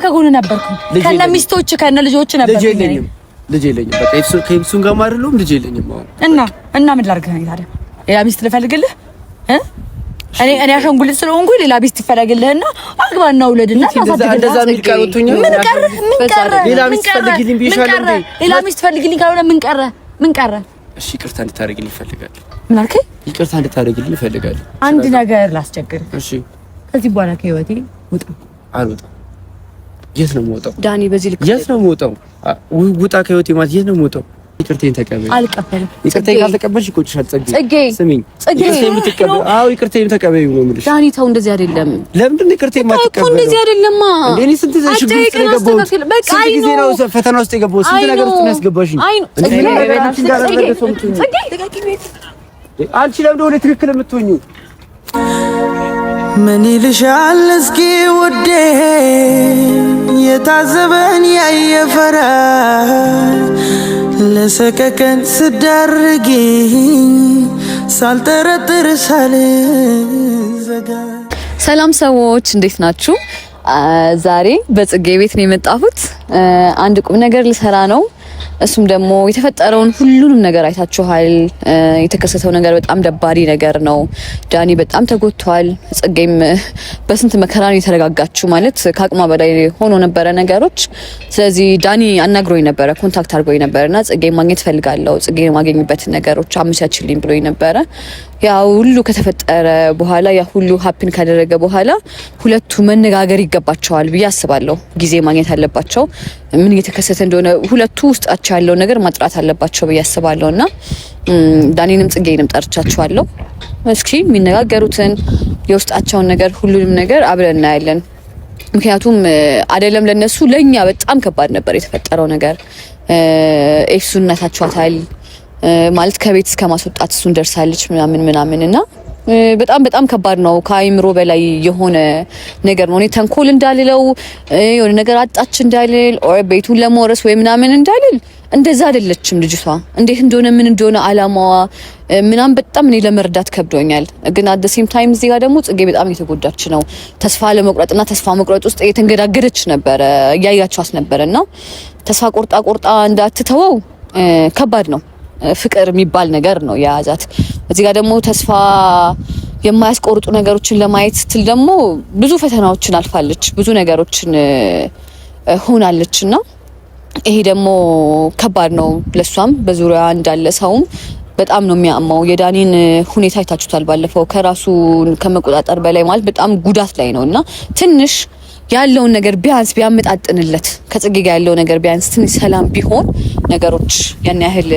እኔም ከጎን ነበርኩ። ከነ ሚስቶች ከነ ልጆች ነበር። ልጅ የለኝም፣ ልጅ የለኝም። በቃ ከኤፍሱን ጋር ማርሉም ልጅ የለኝም። እና እና ምን ላድርግ ታዲያ? ሌላ ሚስት ልፈልግልህ? እኔ እኔ አሻንጉሊት ስለሆንኩኝ ሌላ ሚስት ይፈለግልህና አግባና ውለድና ታሳድግ። እንደዛ ምን ቀረ? ምን ቀረ? ሌላ ሚስት ፈልግልኝ ቢሻል እንዴ? ሌላ ሚስት ፈልግልኝ ካልሆነ ምን ቀረ? ምን ቀረ? እሺ ይቅርታ እንድታደርግልኝ ይፈልጋል። ምን አልከኝ? ይቅርታ እንድታደርግልኝ ይፈልጋል። አንድ ነገር ላስቸግር። እሺ ከዚህ በኋላ ከህይወቴ ውጣ። አልወጣም የት ነው የምወጣው? ዳኒ በዚህ ልክ የት ነው የምወጣው? ውጣ ከህይወቴ ማለት የት ነው የምወጣው? ይቅርቴን ተቀበል። አልቀበልም። ይቅርቴን ካልተቀበልሽ ይቆጭሻል። ጽጌ ስሚኝ፣ ይቅርቴን ይቅርቴን ተቀበይ ነው የምልሽ። ዳኒ ተው፣ እንደዚህ አይደለም። ለምንድን ነው ይቅርቴን የማትቀበል? እንደዚህ አይደለማ። እኔ ስንት ጊዜ ሽግር ውስጥ የገባሁት ስንት ጊዜ ነው ፈተና ውስጥ የገባሁት ስንት ነገር ውስጥ ነው ያስገባሽኝ። አንቺ ለምንድን ሆነ ትክክል የምትሆኚው? ምን ይልሻል እስኪ ውዴ የታዘበን ያየ ለሰቀቀን ስዳርግኝ ሳልጠረጥር ሳልዘጋ። ሰላም ሰዎች እንዴት ናችሁ? ዛሬ በጽጌ ቤት ነው የመጣሁት። አንድ ቁም ነገር ልሰራ ነው እሱም ደግሞ የተፈጠረውን ሁሉንም ነገር አይታችኋል። የተከሰተው ነገር በጣም ደባሪ ነገር ነው። ዳኒ በጣም ተጎድቷል። ጽጌም በስንት መከራ ነው የተረጋጋችው። ማለት ከአቅሟ በላይ ሆኖ ነበረ ነገሮች። ስለዚህ ዳኒ አናግሮኝ ነበረ፣ ኮንታክት አድርጎኝ ነበረ እና ጽጌ ማግኘት ፈልጋለሁ፣ ጽጌ የማገኝበትን ነገሮች አመቻችልኝ ብሎኝ ነበረ። ያ ሁሉ ከተፈጠረ በኋላ ያ ሁሉ ሀፕን ካደረገ በኋላ ሁለቱ መነጋገር ይገባቸዋል ብዬ አስባለሁ። ጊዜ ማግኘት አለባቸው። ምን እየተከሰተ እንደሆነ ሁለቱ ውስጣቸው ያለውን ነገር ማጥራት አለባቸው ብዬ አስባለሁ እና ዳኔንም ጽጌንም ጠርቻቸዋለሁ። እስኪ የሚነጋገሩትን የውስጣቸውን ነገር ሁሉንም ነገር አብረን እናያለን። ምክንያቱም አይደለም ለነሱ ለኛ በጣም ከባድ ነበር የተፈጠረው ነገር። ኤፍሱ እናታችኋታል ማለት ከቤት እስከ ማስወጣት እሱን ደርሳለች ምናምን ምናምን እና በጣም በጣም ከባድ ነው። ከአይምሮ በላይ የሆነ ነገር ነው። እኔ ተንኮል እንዳልለው የሆነ ነገር አጣች እንዳልል ኦር ቤቱን ለመወረስ ወይ ምናምን እንዳልል እንደዛ አይደለችም ልጅቷ። እንዴት እንደሆነ ምን እንደሆነ አላማዋ ምናምን በጣም እኔ ለመርዳት ከብዶኛል። ግን አት ሴም ታይም እዚህ ጋር ደግሞ ጽጌ በጣም እየተጎዳች ነው። ተስፋ ለመቁረጥና ተስፋ መቁረጥ ውስጥ እየተንገዳገደች ነበረ፣ እያያቸዋት ነበረ እና ተስፋ ቆርጣ ቆርጣ እንዳትተወው ከባድ ነው። ፍቅር የሚባል ነገር ነው የያዛት። እዚህ ጋር ደግሞ ተስፋ የማያስቆርጡ ነገሮችን ለማየት ስትል ደግሞ ብዙ ፈተናዎችን አልፋለች፣ ብዙ ነገሮችን ሆናለች እና ይሄ ደግሞ ከባድ ነው ለሷም፣ በዙሪያ እንዳለ ሰውም በጣም ነው የሚያማው። የዳኒን ሁኔታ አይታችሁታል ባለፈው። ከራሱ ከመቆጣጠር በላይ ማለት በጣም ጉዳት ላይ ነው እና ትንሽ ያለውን ነገር ቢያንስ ቢያመጣጥንለት ከጽጌ ጋር ያለው ነገር ቢያንስ ትንሽ ሰላም ቢሆን ነገሮች ያን ያህል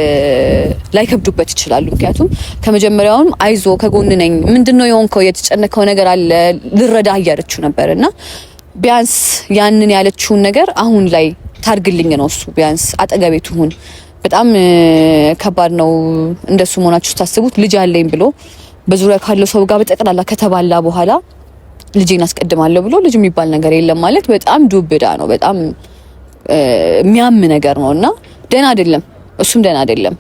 ላይከብዱበት ይችላሉ። ምክንያቱም ከመጀመሪያውም አይዞ ከጎን ነኝ፣ ምንድነው የሆንከው፣ የተጨነቀው ነገር አለ፣ ልረዳ እያለችው ነበር እና ቢያንስ ያንን ያለችውን ነገር አሁን ላይ ታርግልኝ ነው እሱ ቢያንስ አጠገቤ ትሁን። በጣም ከባድ ነው እንደሱ መሆናችሁ ስታስቡት ልጅ አለኝ ብሎ በዙሪያ ካለው ሰው ጋር በጠቅላላ ከተባላ በኋላ ልጄን አስቀድማለሁ ብሎ ልጅ የሚባል ነገር የለም ማለት በጣም ዱብዳ ነው። በጣም የሚያም ነገር ነው እና ደህና አይደለም። እሱም ደህና አይደለም።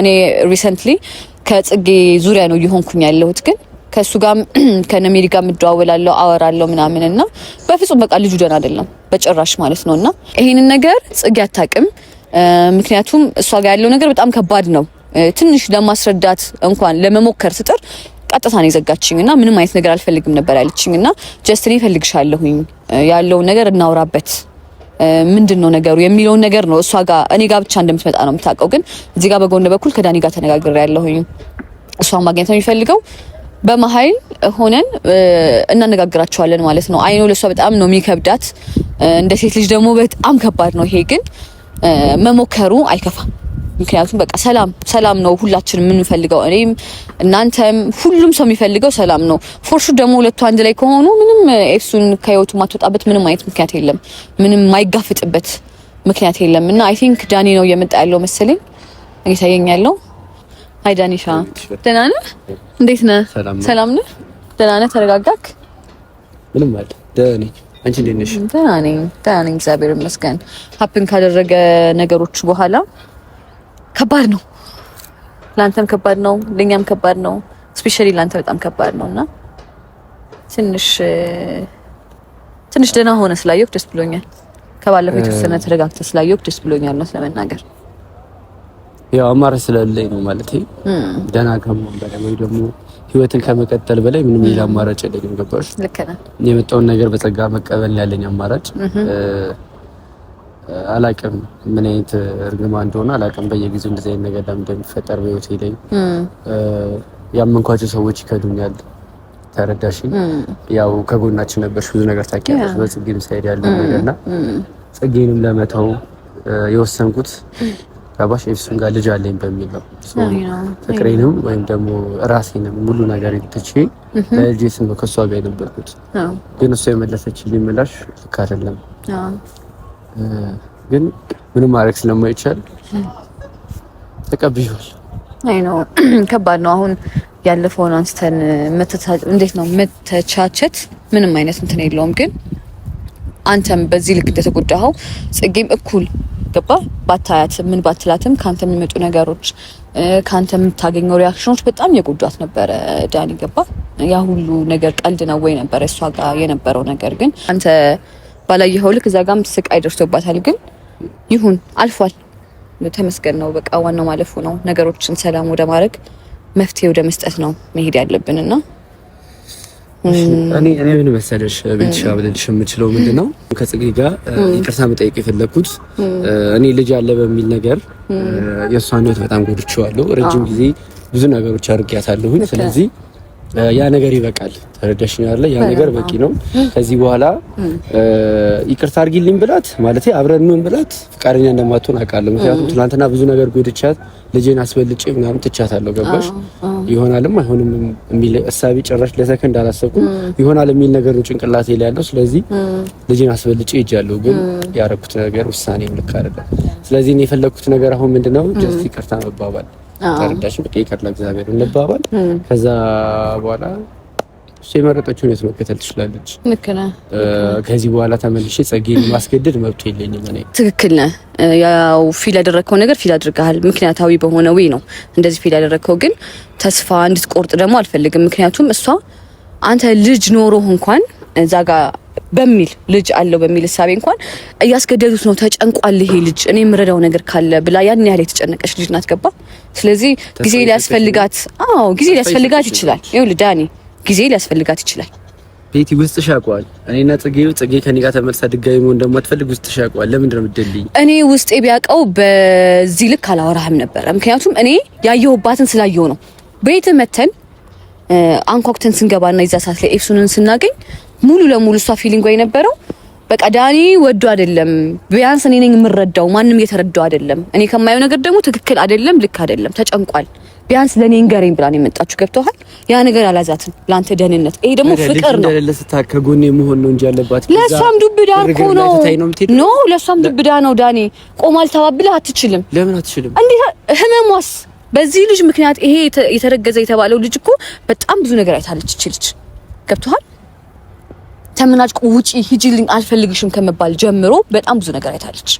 እኔ ሪሰንትሊ ከጽጌ ዙሪያ ነው እየሆንኩኝ ያለሁት ግን ከእሱ ጋር ከነሜሪ ጋር የምደዋወላለሁ አወራለሁ ምናምን እና በፍጹም በቃ ልጁ ደህና አይደለም በጭራሽ ማለት ነው። እና ይሄንን ነገር ጽጌ አታውቅም። ምክንያቱም እሷ ጋር ያለው ነገር በጣም ከባድ ነው። ትንሽ ለማስረዳት እንኳን ለመሞከር ስጥር ቀጥታ ነው የዘጋችኝ እና ምንም አይነት ነገር አልፈልግም ነበር ያለችኝ እና ጀስት እኔ ያለውን ነገር እናውራበት ምንድን ነው ነገሩ የሚለውን ነገር ነው እሷ ጋር እኔ ጋር ብቻ እንደምትመጣ ነው የምታውቀው። ግን እዚህ ጋር በጎን በኩል ከዳኒ ጋር ተነጋግሬ ያለሁኝ እሷን ማግኘት ነው የሚፈልገው። በመሀል ሆነን እናነጋግራቸዋለን ማለት ነው። አይኖ ለእሷ በጣም ነው የሚከብዳት፣ እንደ ሴት ልጅ ደግሞ በጣም ከባድ ነው ይሄ ግን መሞከሩ አይከፋም። ምክንያቱም በቃ ሰላም ሰላም ነው ሁላችን የምንፈልገው። እኔም እናንተም ሁሉም ሰው የሚፈልገው ሰላም ነው። ፎርሹ ደግሞ ሁለቱ አንድ ላይ ከሆኑ ምንም ኤፍሱን ከህይወቱ ማትወጣበት ምንም አይነት ምክንያት የለም። ምንም ማይጋፍጥበት ምክንያት የለም እና አይ ቲንክ ዳኒ ነው እየመጣ ያለው መሰለኝ እየታየኝ ያለው። አይ ዳኒሻ፣ ደህና ነህ? እንዴት ነህ? ሰላም ነህ? ደህና ነህ? ተረጋጋክ? ምንም አለ ዳኒ አንቺ እንዴት ነሽ? ደህና ነኝ፣ ደህና ነኝ፣ እግዚአብሔር ይመስገን። ሀፕን ካደረገ ነገሮች በኋላ ከባድ ነው። ለአንተም ከባድ ነው፣ ለእኛም ከባድ ነው። ስፔሻሊ ለአንተ በጣም ከባድ ነው እና ትንሽ ትንሽ ደህና ሆነ ስላየሁህ ደስ ብሎኛል። ከባለፈው የተወሰነ ተረጋግተህ ስላየሁህ ደስ ብሎኛል ነው ስለመናገር ያው አማራጭ ስለሌለኝ ነው ማለት ደህና ከመሆን በላይ ወይ ደግሞ ህይወትን ከመቀጠል በላይ ምንም ሌላ አማራጭ የለኝም። ገባሽ? ልክ ነህ። የመጣውን ነገር በጸጋ መቀበል ያለኝ አማራጭ አላቅም ምን አይነት እርግማ እንደሆነ አላቅም። በየጊዜው እንደዚህ አይነት ነገር ለምን እንደሚፈጠር በህይወቴ ላይ ያመንኳቸው ሰዎች ይከዱኛል። ተረዳሽ? ያው ከጎናችን ነበርሽ፣ ብዙ ነገር ታውቂያለሽ። በጽጌም ሳይድ ያለው ነገርና ጽጌንም ለመተው የወሰንኩት ገባሽ? ኤፍሱን ጋር ልጅ አለኝ በሚል ነው። ፍቅሬንም ወይም ደግሞ ራሴንም ሙሉ ነገር ትቼ ለልጄ ስም ከእሷ ጋር የነበርኩት፣ ግን እሷ የመለሰችልኝ ምላሽ ልክ አይደለም ግን ምንም ማድረግ ስለማይቻል ተቀብዩል። አይ ነው ከባድ ነው። አሁን ያለፈውን አንስተን እንዴት ነው መተቻቸት፣ ምንም አይነት እንትን የለውም። ግን አንተም በዚህ ልክ እንደተጎዳኸው ጽጌም እኩል ገባ ባታያት ምን ባትላትም ከአንተ የሚመጡ ነገሮች ከአንተ የምታገኘው ሪያክሽኖች በጣም የጎዷት ነበረ። ዳኒ ገባ ያ ሁሉ ነገር ቀልድ ነው ወይ ነበረ እሷ ጋር የነበረው ነገር ግን አንተ ባላየኸው ልክ እዛ ጋም ስቃይ ደርሶባታል። ግን ይሁን አልፏል፣ ተመስገን ነው። በቃ ዋናው ማለፉ ነው። ነገሮችን ሰላም ወደ ማድረግ መፍትሄ ወደ መስጠት ነው መሄድ ያለብን እና እኔ እኔ ምን መሰለሽ ቤተሻ ብልልሽ የምችለው ምንድን ነው ከጽጌ ጋር ይቅርታ መጠየቅ የፈለግኩት እኔ ልጅ አለ በሚል ነገር የእሷን ሕይወት በጣም ጎድቼዋለሁ። ረጅም ጊዜ ብዙ ነገሮች አድርጊያታለሁኝ። ስለዚህ ያ ነገር ይበቃል። ተረዳሽኛል? ያ ነገር በቂ ነው። ከዚህ በኋላ ይቅርታ አድርጊልኝ ብላት ማለት አብረን ነው ብላት ፍቃደኛ እንደማትሆን አውቃለሁ። ምክንያቱም ትናንትና ብዙ ነገር ጎድቻት ልጄን አስበልጬ ምናምን ትቻታለሁ። ገባሽ? ይሆናልም አይሆንም የሚል እሳቤ ጭራሽ ለሰከንድ አላሰብኩም። ይሆናል የሚል ነገር ነው ጭንቅላቴ ላይ ያለው። ስለዚህ ልጄን አስበልጬ ይጃለሁ፣ ግን ያረኩት ነገር ውሳኔ ልክ አይደለም። ስለዚህ እኔ የፈለግኩት ነገር አሁን ምንድነው ጀስት ይቅርታ መባባል ተረዳሽ? በቃ ይቅር ለእግዚአብሔር እንባባል። ከዛ በኋላ እሱ የመረጠችውን የት መከተል ትችላለች። ከዚህ በኋላ ተመልሼ ጸጌን ማስገደድ መብቱ የለኝም። እኔ ትክክል ነህ። ያው ፊል ያደረግከው ነገር ፊል አድርገሃል። ምክንያታዊ በሆነ ወይ ነው እንደዚህ ፊል ያደረግከው። ግን ተስፋ እንድትቆርጥ ደግሞ አልፈልግም። ምክንያቱም እሷ አንተ ልጅ ኖሮህ እንኳን እዛ ጋር በሚል ልጅ አለው በሚል እሳቤ እንኳን እያስገደዱት ነው። ተጨንቋል ይሄ ልጅ እኔ የምረዳው ነገር ካለ ብላ ያን ያህል የተጨነቀች ልጅ ናት። ገባ። ስለዚህ ጊዜ ሊያስፈልጋት፣ አዎ ጊዜ ሊያስፈልጋት ይችላል። ይኸውልህ ዳኒ ጊዜ ሊያስፈልጋት ይችላል። ቤቲ ውስጥ ሻቋል። እኔና ጽጌ ጽጌ ከኔ ጋር ተመልሳ ድጋሚ መሆን ደግሞ እንደማትፈልግ ውስጥ ሻቋል። ለምንድን ነው የምትደልኝ? እኔ ውስጤ ቢያውቀው በዚህ ልክ አላወራህም ነበረ። ምክንያቱም እኔ ያየሁባትን ስላየሁ ነው። ቤት መተን አንኳኩተን ስንገባና ይዛ ሰዓት ላይ ኤፍሱንን ስናገኝ ሙሉ ለሙሉ እሷ ፊሊንጓ የነበረው በቃ ዳኒ ወዶ አይደለም፣ ቢያንስ እኔ ነኝ የምረዳው፣ ማንም እየተረዳው አይደለም። እኔ ከማየው ነገር ደግሞ ትክክል አይደለም፣ ልክ አይደለም፣ ተጨንቋል፣ ቢያንስ ለኔ እንገረኝ ብላ ነው የመጣችሁ። ገብተዋል። ያ ነገር አላዛትም፣ ለአንተ ደህንነት። ይሄ ደግሞ ፍቅር ነው። ከጎኔ መሆን ነው እንጂ ያለባት ለእሷም ዱብዳ እኮ ነው። ኖ ለእሷም ዱብዳ ነው። ዳኒ ቆማ ልታባብልህ አትችልም። ለምን አትችልም? እንዴት ህመሟስ በዚህ ልጅ ምክንያት ይሄ የተረገዘ የተባለው ልጅ እኮ በጣም ብዙ ነገር አይታለች። ይችልች ገብተዋል ተመናጭቆ ውጪ ሂጂልኝ አልፈልግሽም ከመባል ጀምሮ በጣም ብዙ ነገር አይታለች።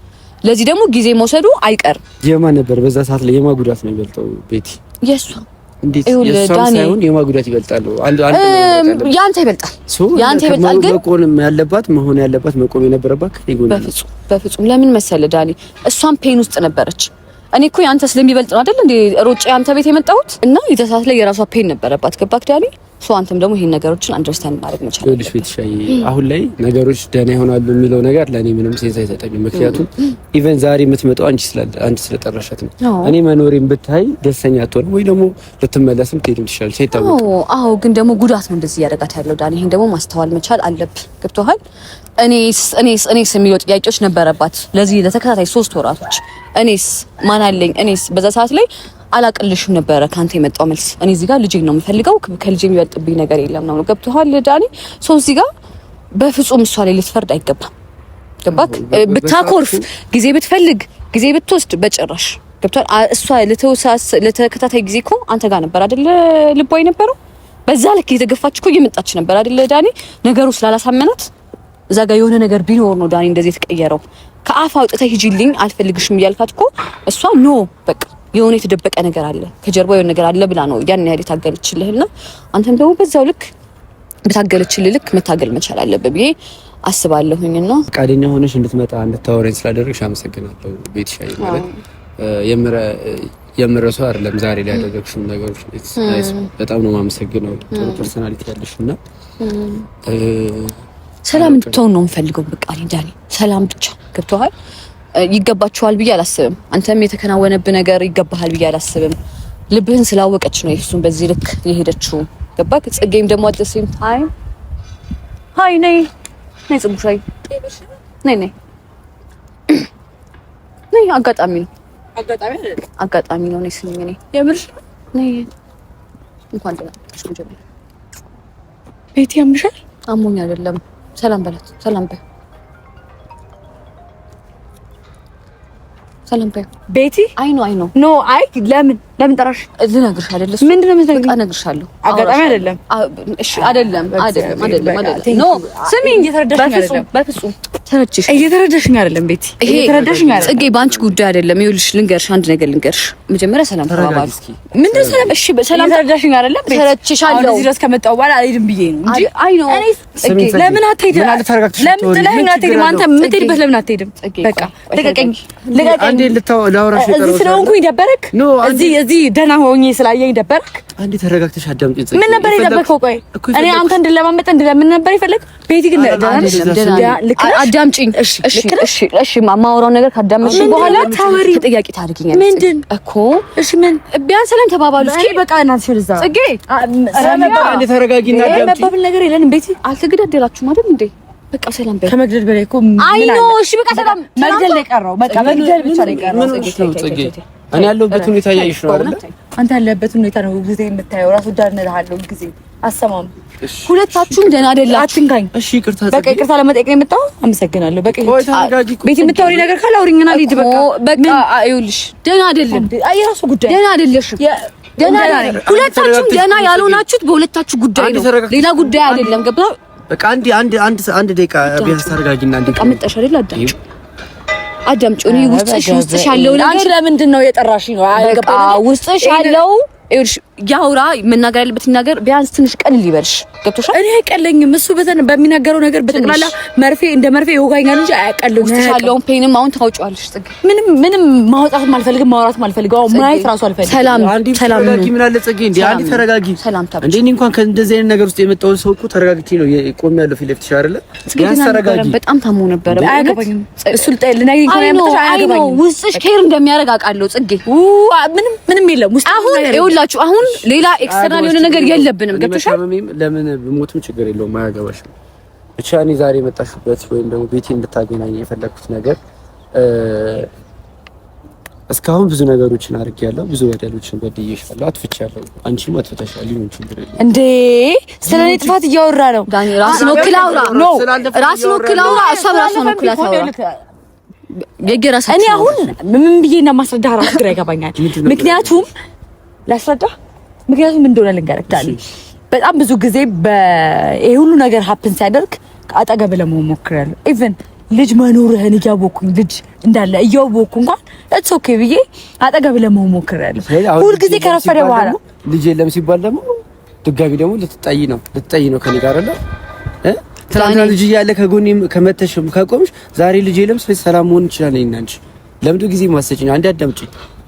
ለዚህ ደግሞ ጊዜ መውሰዱ አይቀርም። የማ ነበር በዛ ሰዓት ላይ የማ ጉዳት ነው የሚበልጠው? ቤቲ የእሷ እንዴት ሳይሆን የማ ጉዳት ይበልጣል? ያንተ ይበልጣል፣ ያንተ ይበልጣል። ግን መቆም ያለባት መሆን ያለባት መቆም የነበረባት ከኔ ጎን። በፍጹም በፍጹም። ለምን መሰለ ዳኒ፣ እሷም ፔን ውስጥ ነበረች። እኔ እኮ ያንተ ስለሚበልጥ ነው አይደል እንዴ ሮጬ ያንተ ቤት የመጣሁት እና የዛ ሰዓት ላይ የራሷ ፔን ነበረባት። ገባክ ዳኒ? ሶ አንተም ደግሞ ይሄን ነገሮችን አንደርስታንድ ማድረግ መቻል ልጅ ቤትሻይ አሁን ላይ ነገሮች ደህና ይሆናሉ የሚለው ነገር ለእኔ ምንም ሴንስ አይሰጠኝም። ምክንያቱም ኢቨን ዛሬ የምትመጣው አንቺ ስለ አንቺ ስለጠራሻት ነው። እኔ መኖሬን ብታይ ደስተኛ አትሆንም ወይ ደግሞ ልትመለስም ትሄድም ትችላለች አይታወቅም። አዎ ግን ደግሞ ጉዳት ነው እንደዚህ እያደረጋት ያለው ዳኒ። ይሄን ደግሞ ማስተዋል መቻል አለብህ። ገብቶሃል? እኔስ እኔስ እኔስ የሚለው ጥያቄዎች ነበረባት ለዚህ ለተከታታይ ሶስት ወራቶች እኔስ ማን አለኝ እኔስ በዛ ሰዓት ላይ አላቅልሽም ነበረ ከአንተ የመጣው መልስ። እኔ እዚህ ጋር ልጄን ነው የምፈልገው፣ ከልጄ የሚበልጥብኝ ነገር የለም ነው ገብቶሃል ዳኒ? ሰው እዚህ ጋር በፍጹም እሷ ላይ ልትፈርድ አይገባም። ገባክ? ብታኮርፍ ጊዜ ብትፈልግ ጊዜ ብትወስድ በጭራሽ ገብቷል። እሷ ለተከታታይ ጊዜ እኮ አንተ ጋር ነበር አይደለ? ልቧ የነበረው በዛ ልክ እየተገፋች እኮ እየመጣች ነበር አይደለ? ዳኒ ነገሩ ስላላሳመናት እዛ ጋር የሆነ ነገር ቢኖር ነው ዳኒ እንደዚህ የተቀየረው። ከአፍ አውጥተህ ሂጂልኝ አልፈልግሽም እያልካት እኮ እሷ ኖ በቃ የሆነ የተደበቀ ነገር አለ ከጀርባ የሆነ ነገር አለ ብላ ነው ያን ያህል የታገለችልህና አንተም ደግሞ በዛው ልክ በታገለችልህ ልክ መታገል መቻል አለብህ ብዬ አስባለሁኝና ፈቃደኛ ሆነሽ እንድትመጣ እንድታወረኝ ስላደረግሽ አመሰግናለሁ። ቤትሽ አይ ማለት የምረሱ አይደለም ዛሬ ላይ ያደረግሽው ነገሮች በጣም ነው የማመሰግነው። ጥሩ ፐርሰናሊቲ ያለሽ እና ሰላም እንድትሆን ነው የምፈልገው። በቃ ዳኒ ሰላም ብቻ ገብቶሃል። ይገባቸዋል ብዬ አላስብም። አንተም የተከናወነብህ ነገር ይገባሃል ብዬ አላስብም። ልብህን ስላወቀች ነው የሱን በዚህ ልክ የሄደችው። ገባክ? ጽጌም ደግሞ አጥሴም ሀይ ሀይ ነይ ነይ ጽቡሻይ ነይ ነይ ነይ አጋጣሚ ነው አጋጣሚ አይደል? አጋጣሚ ነው። ነይ ስሚ ነይ የምር ነይ እንኳን ደህና ቤት ያምሻል? አሞኝ አይደለም። ሰላም በላት። ሰላም በይ ሰላም ቤቲ። አይ ነው አይ ነው ኖ አይ ለምን ለምን ጠራሽ? ልነግርሽ አይደለ? ምንድን ነው የምትነግሪኝ? እነግርሻለሁ። አጋጣሚ አይደለም። እሺ፣ አይደለም፣ አይደለም፣ አይደለም፣ አይደለም። ኖ ስሚኝ፣ እየተረዳሽኝ አይደለም። በፍጹም ተረችሽ፣ እየተረዳሽኝ አይደለም። ቤቲ፣ እየተረዳሽኝ አይደለም። ጽጌ፣ በአንቺ ጉዳይ አይደለም። ይኸውልሽ፣ ልንገርሽ፣ አንድ ነገር ልንገርሽ። መጀመሪያ ሰላም ተባባሉ። ምንድን ነው ሰላም? እሺ፣ ሰላም ተረዳሽኝ አይደለም። ቤቲ፣ ተረችሻለሁ። እዚህ ድረስ ከመጣሁ በኋላ አልሄድም ብዬ ነው እንጂ። አይ ነው ጽጌ፣ ለምን አትሄድም? ለምን ጥለኸኝ አትሄድም? አንተ የምትሄድበት ለምን አትሄድም? በቃ ልቀቀኝ፣ ልቀቀኝ። አንዴ ልታወራሽ ስለሆንኩኝ ደበረክ እዚህ እንደዚህ ደህና ሆኜ ስላየኝ ደበርክ? አንዴ ተረጋግተሽ አዳምጪኝ። ምን ነበር የደበርከው? ቆይ እኔ አንተ እንድለማመጥ እንድለምን ነበር የፈለግ? ቤቲ ግን አዳምጪኝ። እሺ፣ እሺ፣ እሺ። እሺ። የማወራውን ነገር ካዳመጥሽ በኋላ ታወሪ ጥያቄ ታድርጊኛለሽ። ምንድን እኮ እሺ፣ ምን ቢያንስ ሰላም ተባባሉ። እስኪ በቃ እናትሽ ልዛ ጽጌ፣ አንዴ ተረጋጊና አዳምጪኝ። መባብል ነገር የለንም። ቤቲ አልተገዳደላችሁም አይደል እንዴ? በቃ ሰላም በይ። ከመግደል በላይ እኮ አይ ኖ እሺ፣ በቃ ሰላም መግደል ነው የቀረው። በቃ መግደል ብቻ ነው የቀረው። እኔ ያለሁበት ሁኔታ እያየሽ ነው አይደል? አንተ ያለበት ሁኔታ ነው ጊዜ የምታየው። ራሱ ዳር ነልሃለሁ ጊዜ አሰማም። ሁለታችሁም ደህና አይደላችሁ። አትንካኝ። እሺ፣ ይቅርታ በቃ ይቅርታ ለመጠየቅ ነው የመጣው። አመሰግናለሁ። በቃ ቤት የምታወሪ ነገር ካለ አውሪኝና ልሂድ። በቃ በቃ ይኸውልሽ፣ ደህና አይደለም። አይ ራሱ ጉዳይ ደህና አይደለሽም። ደህና ሁለታችሁም ደና ያልሆናችሁት በሁለታችሁ ጉዳይ ነው፣ ሌላ ጉዳይ አይደለም። ገባ በቃ አንድ አንድ አንድ አንድ ደቂቃ ቢያንስ ታረጋጊና አንድ ደቂቃ መጣሽ አይደል? አዳምጪ አዳምጪ። ውስጥሽ ውስጥሽ ያለው ነገር አንቺ ለምንድን ነው የጠራሽ ነው? ውስጥሽ ያለው ይኸውልሽ ያውራ መናገር ያለበት ይናገር። ቢያንስ ትንሽ ቀልል ይበልሽ። ገብቶሻል? እኔ አይቀለኝም። እሱ በተን በሚናገረው ነገር በጠቅላላ መርፌ እንደ መርፌ ይወጋኛል እንጂ አያቀልም። ውስጥ ያለውን ፔንም አሁን ታውጪዋለሽ። ጽጌ ምንም ምንም ማውጣትም አልፈልግም፣ ማውራትም አልፈልግም። አሁን ማየት ራሱ አልፈልግም። ሰላም ሰላም ተረጋጊ። ምን አለ ጽጌ እንዴ! አንዴ ተረጋጊ። ሰላም ታብ እንዴ! እኔ እንኳን ከእንደዚህ አይነት ነገር ውስጥ የመጣው ሰው እኮ ተረጋግቼ ነው የቆም ያለው ፊት ለፊትሽ አይደለ? ቢያንስ ተረጋጊ። በጣም ታሞ ነበር። አያገባኝም። እሱ ልጠይ ልናይ እንኳን ያመጣሽ አያገባኝም። ውስጥሽ ኬር እንደሚያረጋጋለው ጽጌ ምንም ምንም የለም ውስጥ አሁን ይኸውላችሁ አሁን ሌላ ኤክስተርናል የሆነ ነገር የለብንም። ገብቶሻል። ለምን ብሞትም ችግር የለውም አያገባሽም። ብቻ እኔ ዛሬ የመጣሽበት ወይም ደግሞ ቤቴ እንድታገናኝ የፈለግኩት ነገር እስካሁን ብዙ ነገሮችን አድርጌያለሁ። ብዙ በደሎችን በድዬሻለሁ፣ አጥፍቻለሁ። አንቺም አጥፍተሻል። ሊሆን ይችላል እንዴ? ስለ እኔ ጥፋት እያወራ ነው። ራስን ወክል አውራ ነው። ራስን ወክል አውራ። እሷ ራስን ወክላ ታውራ የገራሳ እኔ አሁን ምን ብዬ እና ማስረዳህ ራስ ግራ ይገባኛል። ምክንያቱም ላስረዳ፣ ምክንያቱም እንደሆነ ልንገረክ ዳኒ፣ በጣም ብዙ ጊዜ ይሄ ሁሉ ነገር ሀፕን ሲያደርግ አጠገብ ለመሆን ሞክራለሁ። ኢቭን ልጅ መኖርህን እያወኩኝ ልጅ እንዳለ እያወኩ እንኳን እትስ ኦኬ ብዬ አጠገብ ለመሆን ሞክራለሁ። ሁልጊዜ ከረፈደ በኋላ ልጅ የለም ሲባል ደግሞ ድጋሚ ደግሞ ልትጠይ ነው ልትጠይ ነው ከኔ ጋር አይደል እ ትናንትና ልጅ እያለ ከጎኔ ከመተሽም ከቆምሽ ዛሬ ልጅ የለም ሰላም መሆን ይችላል። ለምዱ ጊዜ ማሰጭኝ አንዴ አዳምጪኝ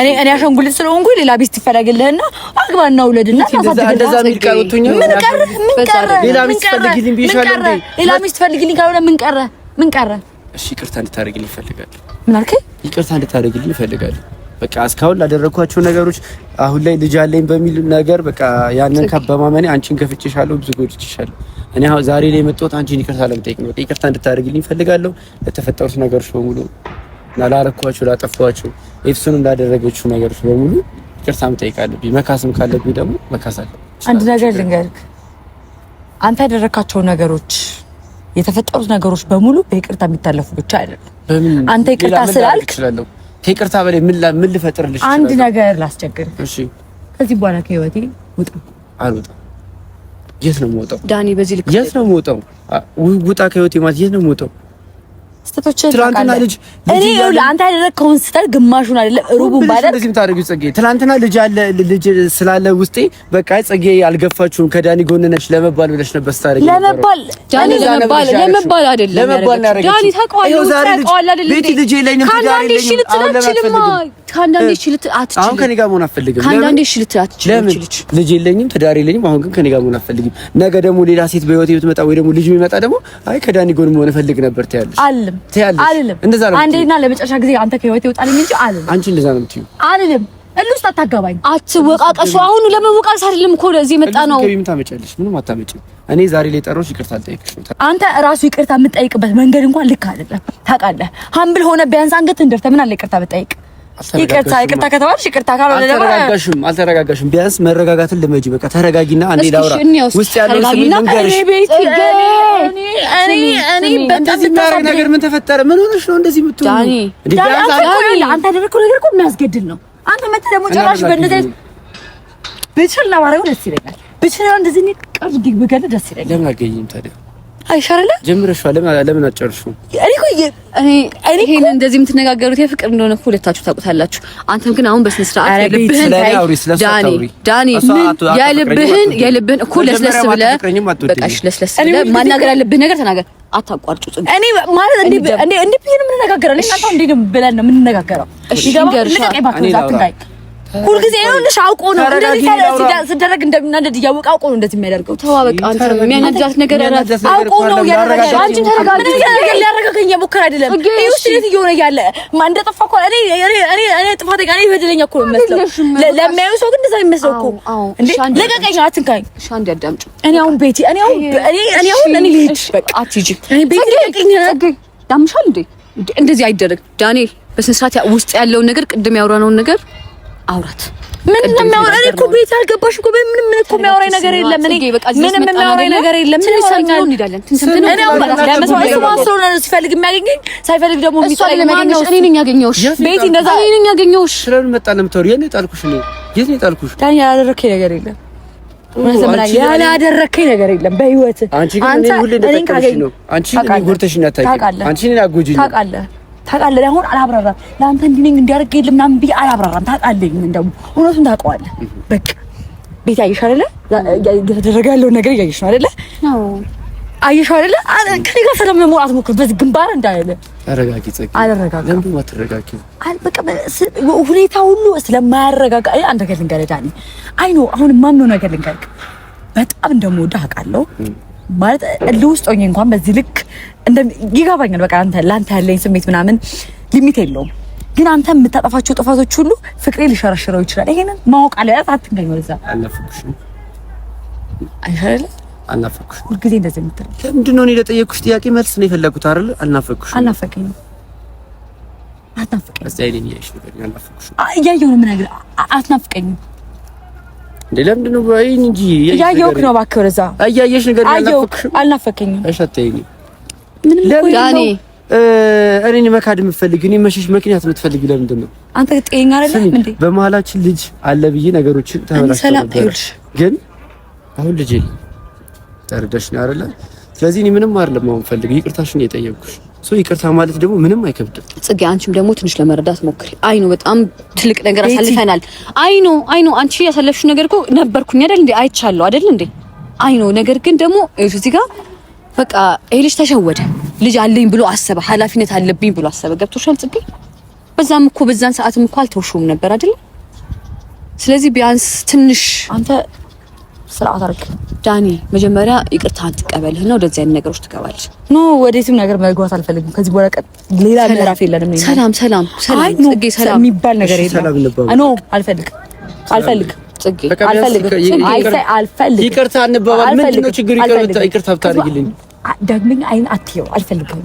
እኔ እኔ አሻንጉሊት ስለሆንኩ ሌላ ቤት ትፈለግልህና አግባና ውለድና ታሳድግ። እንደዛ ሌላ ቢሻል እንዴ? ሌላ እሺ እንድታደርግልኝ ምን አልከኝ? ይቅርታ እንድታደርግልኝ በቃ እስካሁን ላደረኳቸው ነገሮች አሁን ላይ ልጅ አለኝ በሚል ነገር በቃ ያንን ከበማመኔ አንቺን ከፍቼሻለሁ፣ ብዙ ጎድቼሻለሁ። እኔ ዛሬ ላይ የመጣሁት አንቺን ይቅርታ ለመጠየቅ ነው። ይቅርታ እንድታደርግልኝ እፈልጋለሁ ለተፈጠሩት ነገሮች በሙሉ ላረኳችሁ፣ ላጠፋችሁ ኤፍሱን እንዳደረገችው ነገሮች በሙሉ ይቅርታ መጠየቅ አለብኝ። መካስም ካለብኝ ደግሞ መካስ አለ። አንድ ነገር ልንገርህ፣ አንተ ያደረካቸው ነገሮች የተፈጠሩት ነገሮች በሙሉ በይቅርታ የሚታለፉ ብቻ አይደለም። አንተ ይቅርታ ስላልክ ከይቅርታ በላይ ምን ልፈጥርልሽ? አንድ ነገር እሺ፣ ከዚህ በኋላ ከህይወቴ ውጣ። አልወጣም። የት ነው የምወጣው ዳኒ? በዚህ ልክ የት ነው የምወጣው? ውጣ ከህይወቴ ማለት የት ነው የምወጣው? ስህተቶችን ትላንትና ልጅ እኔ ይኸውልህ አንተ ያደረግከውን ስህተት ግማሹን አይደለም ሩቡን ባለ እንደዚህ የምታደርጊው ጽጌ፣ ትላንትና ልጅ አለ ልጅ ስላለ ውስጤ በቃ ጽጌ አልገፋችሁም ከዳኒ ጎን ለመባል ብለሽ ነበር ስታደርጊው ለመባል ዳኒ ለመባል ለመባል አይደለም ለመባል ነው ያደረገችው ዳኒ ታውቀዋለህ ታውቀዋለህ አይደል ቤት ልጅ ላይ ትዳር የለኝም አሁን ለማለት ፈልግም ከአንዳንዴ እሺ ልት አሁን ከኔ ጋር መሆን እሺ ልጅ የለኝም፣ ትዳር የለኝም። አሁን ግን ከኔ ጋር መሆን አትፈልግም። ነገ ደግሞ ሌላ ሴት በህይወት የምትመጣ ወይ ደግሞ ልጅ የሚመጣ ደግሞ አይ ከዳኒ ጎን መሆን እፈልግ ነበር ትያለሽ። አልልም፣ አልልም። እንደዛ ነው። አንተ ከህይወት ይወጣልኝ እንጂ አልልም። አንቺ እንደዛ ነው አልልም። አትወቃቀሱ። አሁን ለመወቃቀስ አይደለም መጣ ነው። ምንም እኔ ዛሬ ላይ ጠሮሽ ይቅርታ አልጠይቅሽ። አንተ ራሱ ይቅርታ የምጠይቅበት መንገድ እንኳን ልክ አይደለም ታውቃለህ። ሀምብል ሆነ ቢያንስ አንገት እንደርተ ምን አለ ይቅርታ ብጠይቅ ይቅርታ ይቅርታ ከተባልሽ ይቅርታ ካልሆነ ደግሞ አልተረጋጋሽም አልተረጋጋሽም ቢያንስ መረጋጋትን ልመጂ በቃ ተረጋጊና አንዴ ላውራ ውስጥ ያለው ስሜት ልንገርሽ ነገር ምን ተፈጠረ ምን ሆነሽ ነው እንደዚህ የምትሆኑ አንተ ያደረግከው ነገር እኮ የሚያስገድል ነው አንተ መተህ ደግሞ ጭራሽ በእንደዚህ ብችል ለማድረግ ደስ ይለኛል ብችል እንደዚህ እኔ ብገድል ደስ ይለኛል ለምን አገኘም ታዲያ አይሻለ ጀምረሽዋል። ለምን አጨርሽው? ይሄን እንደዚህ የምትነጋገሩት የፍቅር እንደሆነ እኮ ሁለታችሁ ታውቁታላችሁ። አንተም ግን አሁን በስነ ስርዓት ዳኒ ማናገር ያለብህ ነገር ተናገር። ሁልጊዜ ይኸውልሽ፣ አውቆ ነው እንደዚህ ስደረግ እንደምናደድ እያወቀ አውቆ ነው እንደዚህ የሚያደርገው። ተው በቃ አንተ የሚያናድዳት ነገር አውቆ ነው እያደረገ። አንቺ ተረጋጊ። ምንም ነገር ሊያረጋገኝ የሞከረ አይደለም። ይኸውልሽ እንዴት እየሆነ እያለ እንደጠፋ እኮ እኔ እኔ እኔ ጥፋት ጋር እኔ በደለኛ እኮ ነው የምመስለው። ለሚያዩ ሰው ግን እንደዛ የሚመስለው እኮ እንዴ። ለቀቀኝ፣ አትንካኝ። እሺ አንዴ አዳምጪ። እኔ አሁን ቤቲ እኔ አሁን እኔ እኔ አሁን እኔ ልሂድ። በቃ አትሂጂ። እኔ ቤቲ ለቀቀኝ። ዳምሻል እንዴ? እንደዚህ አይደረግ ዳንኤል። በስነ ስርዓት ውስጥ ያለውን ነገር ቅድም ያወራነውን ነገር አውራት ምንም የሚያወራ እኔ እኮ ቤት አልገባሽ እኮ ምንም እኮ የሚያወራ ነገር የለም። እኔ ምንም የሚያወራ ነገር የለም። ምን ይሰኛል? እንሄዳለን እኔ ማለት ለመስዋዕት ስለሆነ ነው ሲፈልግ የሚያገኘኝ ሳይፈልግ ደግሞ የሚጠላኝ ነው። እኔ ነኝ ያገኘሁሽ ቤቲ፣ እንደዛ እኔ ነኝ ያገኘሁሽ። ስለምን መጣ ለምታወሪ የኔ ጣልኩሽ ነው ነው ጣልኩሽ ዳኒ፣ ያላደረከኝ ነገር የለም። ያላደረከኝ ነገር የለም በህይወት አንቺ ግን እኔ ሁሌ እንደጠቀምሽ ነው። አንቺ እኔ ጎርተሽኝ አታውቂም። አንቺ እኔን አጎጂኝ ታውቃለህ ታውቃለህ። አሁን አላብራራም ለአንተ እንዲህ ነኝ እንዲያደርግ የለም ምናምን ብዬ አላብራራም። ታውቃለህ፣ እንደው እውነቱን ታውቀዋለህ። በቃ ቤት አየሽ አይደለ? እየተደረገ ያለውን ነገር እያየሽ ነው አይደለ? አየሽ አይደለ? ከኔ ጋር ሰላም ለመሆን ሞክር። በዚህ ግንባር እንዳለ ተረጋጊ። ጽጌ አልረጋጋም። ለምን ማትረጋጊ? አይ በቃ ሁኔታ ሁሉ ስለማያረጋጋ አንድ ነገር ልንገርህ ዳኒ። አይ ኖ አሁን ማምነው ነገር ልንገርህ፣ በጣም እንደምወድህ አውቃለሁ ማለት እልህ ውስጥ ሆኜ እንኳን በዚህ ልክ ይገባኛል። በቃ አንተ ለአንተ ያለኝ ስሜት ምናምን ሊሚት የለውም፣ ግን አንተ የምታጠፋቸው ጥፋቶች ሁሉ ፍቅሬ ሊሸረሽረው ይችላል። ይሄንን ማወቅ አለ። አትንገኝ ወደዛ አልናፈኩሽ ሁልጊዜ እንደዚህ የምትለው ምንድን ነው? እኔ ለጠየቅኩሽ ጥያቄ መልስ ነው የፈለጉት አይደል? አልናፈኩሽ አልናፈቀኝም። አትናፍቀኝ። እያየሁ ነው የምነግርህ። አትናፍቀኝም እንዴ ለምንድን ነው ባይን እንጂ እያየሁህ ነው። እባክህ ወደዛ እያየሽ ነገር ያላፈክሽ አልናፈከኝም። እሺ አትይኝ። ምንም ዳኒ እኔን መካድ የምትፈልጊ እኔ መሸሽ ምክንያት የምትፈልጊ ለምንድን ነው? አንተ ጤኛ አይደለም እንዴ? በመሀላችን ልጅ አለ ብዬ ነገሮችን ተበላሽተው ግን አሁን ልጅ ተረዳሽ ነው አይደለ? ስለዚህ እኔ ምንም አይደለም አሁን ፈልግ ይቅርታሽን እየጠየቅኩሽ ሰው ይቅርታ ማለት ደግሞ ምንም አይከብድም። ጽጌ አንቺም ደግሞ ትንሽ ለመረዳት ሞክሪ። አይ ነው በጣም ትልቅ ነገር አሳልፈናል። አይ ነው አይ ነው አንቺ ያሳለፍሽው ነገር እኮ ነበርኩኝ አይደል እንዴ? አይቻለሁ አይደል እንዴ? አይ ነው ነገር ግን ደግሞ እዚህ ጋር በቃ ይሄ ልጅ ተሸወደ። ልጅ አለኝ ብሎ አሰበ። ኃላፊነት አለብኝ ብሎ አሰበ። ገብቶሻል ጽጌ? በዛም እኮ በዛን ሰዓትም እኮ አልተውሽውም ነበር አይደል? ስለዚህ ቢያንስ ትንሽ አንተ ስርዓት አድርግ ዳኒ። መጀመሪያ ይቅርታ ትቀበልህ ነው ወደዚህ አይነት ነገሮች ትገባለች። ኖ ወደትም ነገር መግባት አልፈልግም። ከዚህ በኋላ ሌላ ምዕራፍ የለንም። ሰላም ሰላም ሰላም የሚባል ነገር የለም። ኖ ይቅርታ ምንድን ነው ችግር? ይቅርታ ብታደርግልኝ ዳግመኛ አይን አትየው። አልፈልግም፣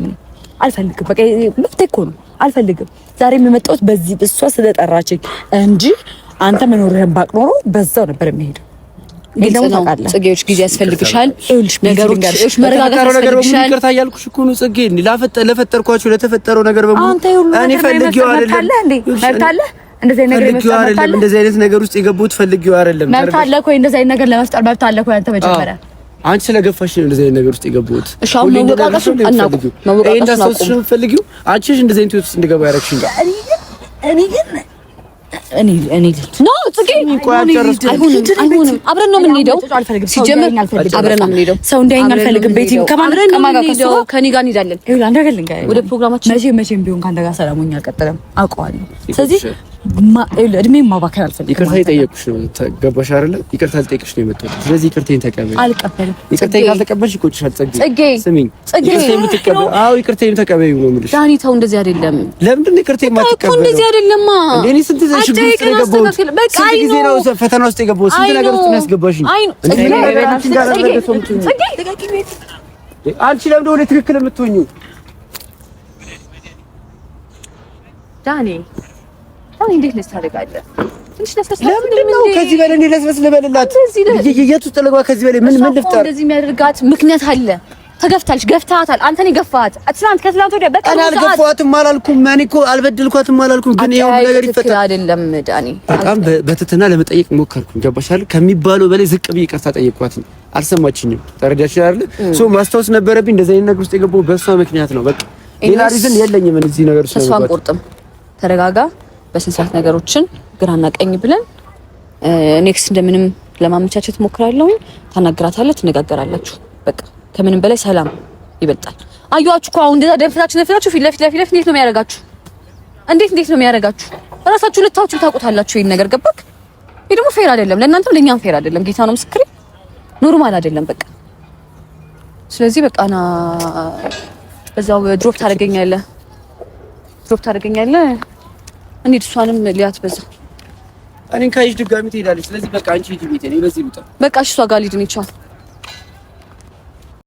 አልፈልግም። በቃ እኮ ነው። አልፈልግም። ዛሬ የመጣሁት በዚህ እሷ ስለጠራችኝ እንጂ አንተ መኖርህን ባቅ ኖሮ በዛው ነበር የሚሄደው ግልጽ ነው። ጽጌዎች ጊዜ ያስፈልግሻል። ነገሮች መረጋጋት ያስፈልግሻል። ይቅርታ እያልኩሽ እኮ ነው ጽጌ። ለፈጠርኳቸው ለተፈጠረው ነገር እንደዚህ አይነት ነገር ውስጥ የገቡት ፈልጌው አይደለም። መብት አለ እኮ እንደዚህ አይነት ነገር ለመፍጠር መብት አለ እኮ አንተ መጀመሪያ አንቺ ስለገፋሽ ነው እንደዚህ ነገር ውስጥ የገቡት። እሺ አሁን መወቃቀስ እናቁም። መወቃቀስ እናቁም። እኔ ግን አብረን ነው የምንሄደው። ሲጀምር አብረን ነው የምንሄደው። ሰው እንዳይኝ አልፈልግም። ከኔ ጋር እንሄዳለን ወደ ፕሮግራማችን። መቼም ቢሆን ከአንተ ጋር ሰላሙኛ አልቀጥልም፣ አውቀዋለሁ። ስለዚህ እድሜ ማባከል አልፈልግም። ይቅርታ የጠየቅሽ ነው ገባሽ አይደለ? ይቅርታ ልጠይቅሽ ነው የመጣሁት። ስለዚህ ይቅርታዬን ተቀበል። አልቀበልም። ይቅርታዬን ካልተቀበልሽ ይቆጭሻል። ጽጌ ስሚኝ፣ ይቅርታዬን የምትቀበል አዎ፣ ይቅርታዬን ተቀበይው ነው የምልሽ። ዳኒ ተው፣ እንደዚህ አይደለም። ለምንድን ነው ይቅርታዬን የማትቀበል? እንደዚህ አይደለማ። እኔ ስንት ጊዜ ነው ፈተና ውስጥ የገባሁት? ስንት ነገር ውስጥ ነው ያስገባሽኝ። አንቺ ለምን እንደሆነ ትክክል የምትሆኚው ዳኔ አሁን እንዴት ለስ ታደርጋለህ? ትንሽ ለምንድነው? ከዚህ በላይ እኔ ለስለስ ልበልላት? የቱ ውስጥ ከዚህ በላይ ምን ምን ልፍጠር? እንደዚህ የሚያደርጋት ምክንያት አለ። ተገፍታለች፣ ገፍታታል። አንተ ነህ ገፋሃት። ትናንት ከትናንት ወዲያ በቃ እኔ አልገፋኋትም አላልኩም፣ እኔ እኮ አልበድልኳትም አላልኩም። ግን ይሄው ነገር ይፈታል አይደለም ዳኒ። በጣም በትትና ለመጠየቅ ሞከርኩ። ገባሻል? ከሚባለው በላይ ዝቅ ብዬ ይቅርታ ጠየቅኳት። አልሰማችኝም። ተረዳሽ አይደል? ሶ ማስታወስ ነበረብኝ። እንደዚህ አይነት ነገር ውስጥ የገባው በእሷ ምክንያት ነው። በቃ ሌላ ሪዝን የለኝም እዚህ ነገር ውስጥ። ተስፋ አንቆርጥም። ተረጋጋ። በስንሳት ነገሮችን ግራና ቀኝ ብለን ኔክስት እንደምንም ለማመቻቸት ሞክራለሁ። ታናግራታለህ፣ ትነጋገራላችሁ። በቃ ከምንም በላይ ሰላም ይበልጣል። አዩዋችሁ እኮ አሁን እንደዛ ደፍታችሁ ነፍታችሁ ፊት ለፊት ለፊት ለፊት እንዴት ነው የሚያደርጋችሁ? እንዴት እንዴት ነው የሚያደርጋችሁ? ራሳችሁ ልታውችሁ ታውቁታላችሁ። ይሄን ነገር ገባክ? ይሄ ደግሞ ፌር አይደለም፣ ለእናንተም ለእኛም ፌር አይደለም። ጌታ ነው ምስክሬ፣ ኖርማል አይደለም። በቃ ስለዚህ በቃ ና በዛው ድሮፕ ታደርገኛለህ፣ ድሮፕ ታደርገኛለህ። እንሂድ። እሷንም ሊያት በዛ እኔን ካይሽ ድጋሚ ትሄዳለች። ስለዚህ በቃ አንቺ ሂጂ ቤት፣ እኔ በዚህ ቦታ በቃ እሺ፣ እሷ ጋር ልሂድ እኔ።